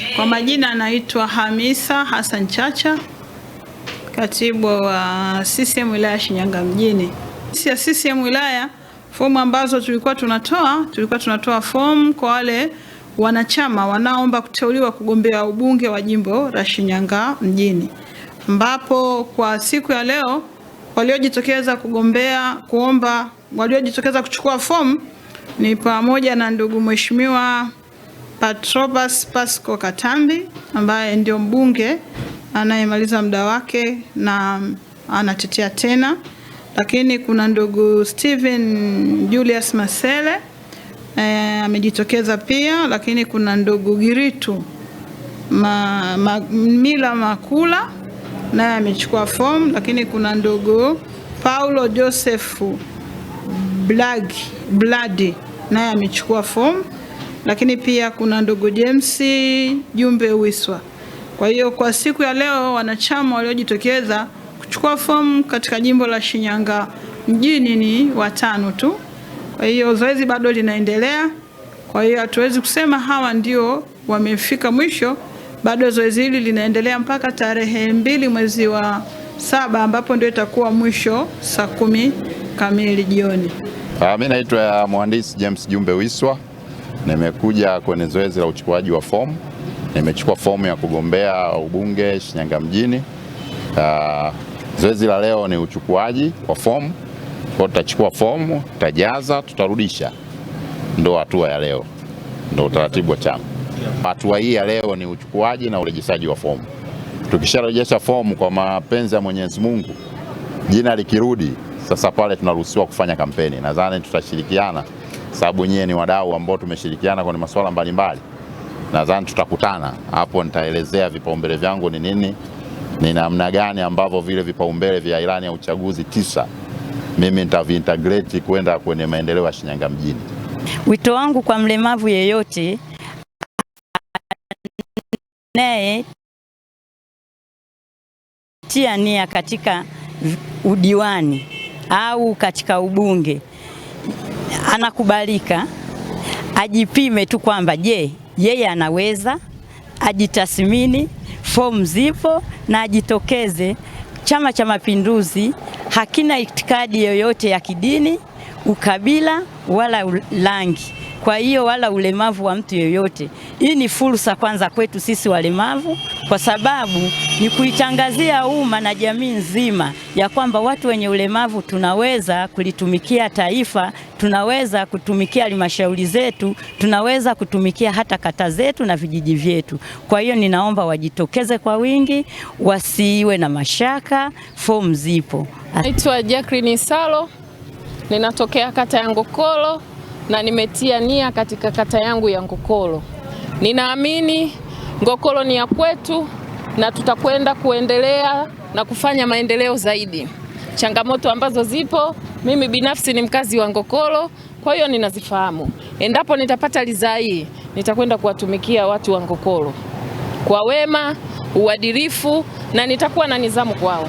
Kwa majina anaitwa Hamisa Hassan Chacha, katibu wa CCM wilaya Shinyanga mjini. Sisi ya CCM wilaya, fomu ambazo tulikuwa tunatoa tulikuwa tunatoa fomu kwa wale wanachama wanaoomba kuteuliwa kugombea ubunge wa jimbo la Shinyanga mjini, ambapo kwa siku ya leo waliojitokeza kugombea kuomba, waliojitokeza kuchukua fomu ni pamoja na ndugu mheshimiwa Patrobas Pasco Katambi ambaye ndio mbunge anayemaliza muda wake na anatetea tena, lakini kuna ndugu Steven Julius Masele eh, amejitokeza pia, lakini kuna ndugu Giritu ma, ma, Mila Makula naye amechukua fomu, lakini kuna ndugu Paulo Josefu Blagi Bladi naye amechukua fomu lakini pia kuna ndugu James Jumbe wiswa Kwa hiyo kwa siku ya leo wanachama waliojitokeza kuchukua fomu katika jimbo la Shinyanga mjini ni watano tu. Kwa hiyo zoezi bado linaendelea, kwa hiyo hatuwezi kusema hawa ndio wamefika mwisho. Bado zoezi hili linaendelea mpaka tarehe mbili mwezi wa saba ambapo ndio itakuwa mwisho saa kumi kamili jioni. Ah, mi naitwa mhandisi James Jumbe Wiswa. Nimekuja kwenye zoezi la uchukuaji wa fomu, nimechukua fomu ya kugombea ubunge Shinyanga mjini. Uh, zoezi la leo ni uchukuaji wa fomu, kwa tutachukua fomu, tutajaza, tutarudisha, ndo hatua ya leo, ndo utaratibu wa chama. Hatua hii ya leo ni uchukuaji na urejeshaji wa fomu. Tukisharejesha fomu kwa mapenzi ya Mwenyezi Mungu, jina likirudi sasa, pale tunaruhusiwa kufanya kampeni. Nadhani tutashirikiana sababu nyie ni wadau ambao tumeshirikiana kwenye masuala mbalimbali. Nadhani tutakutana hapo, nitaelezea vipaumbele vyangu ni nini, ni namna gani ambavyo vile vipaumbele vya ilani ya uchaguzi tisa mimi nitaviintegrate kwenda kwenye maendeleo ya Shinyanga mjini. Wito wangu kwa mlemavu yeyote naye tia nia katika udiwani au katika ubunge anakubalika ajipime tu kwamba je, yeye anaweza, ajitathmini, fomu zipo na ajitokeze. Chama cha Mapinduzi hakina itikadi yoyote ya kidini, ukabila wala rangi, kwa hiyo wala ulemavu wa mtu yoyote. Hii ni fursa kwanza kwetu sisi walemavu, kwa sababu ni kuitangazia umma na jamii nzima ya kwamba watu wenye ulemavu tunaweza kulitumikia taifa tunaweza kutumikia halmashauri zetu, tunaweza kutumikia hata kata zetu na vijiji vyetu. Kwa hiyo ninaomba wajitokeze kwa wingi, wasiwe na mashaka, fomu zipo. Naitwa Jacqueline Salo, ninatokea kata ya Ngokolo na nimetia nia katika kata yangu ya Ngokolo. Ninaamini Ngokolo ni ya kwetu na tutakwenda kuendelea na kufanya maendeleo zaidi. Changamoto ambazo zipo mimi binafsi ni mkazi wa Ngokoro, kwa hiyo ninazifahamu. Endapo nitapata ridhaa hii, nitakwenda kuwatumikia watu wa ngokolo kwa wema, uadilifu na nitakuwa na nidhamu kwao.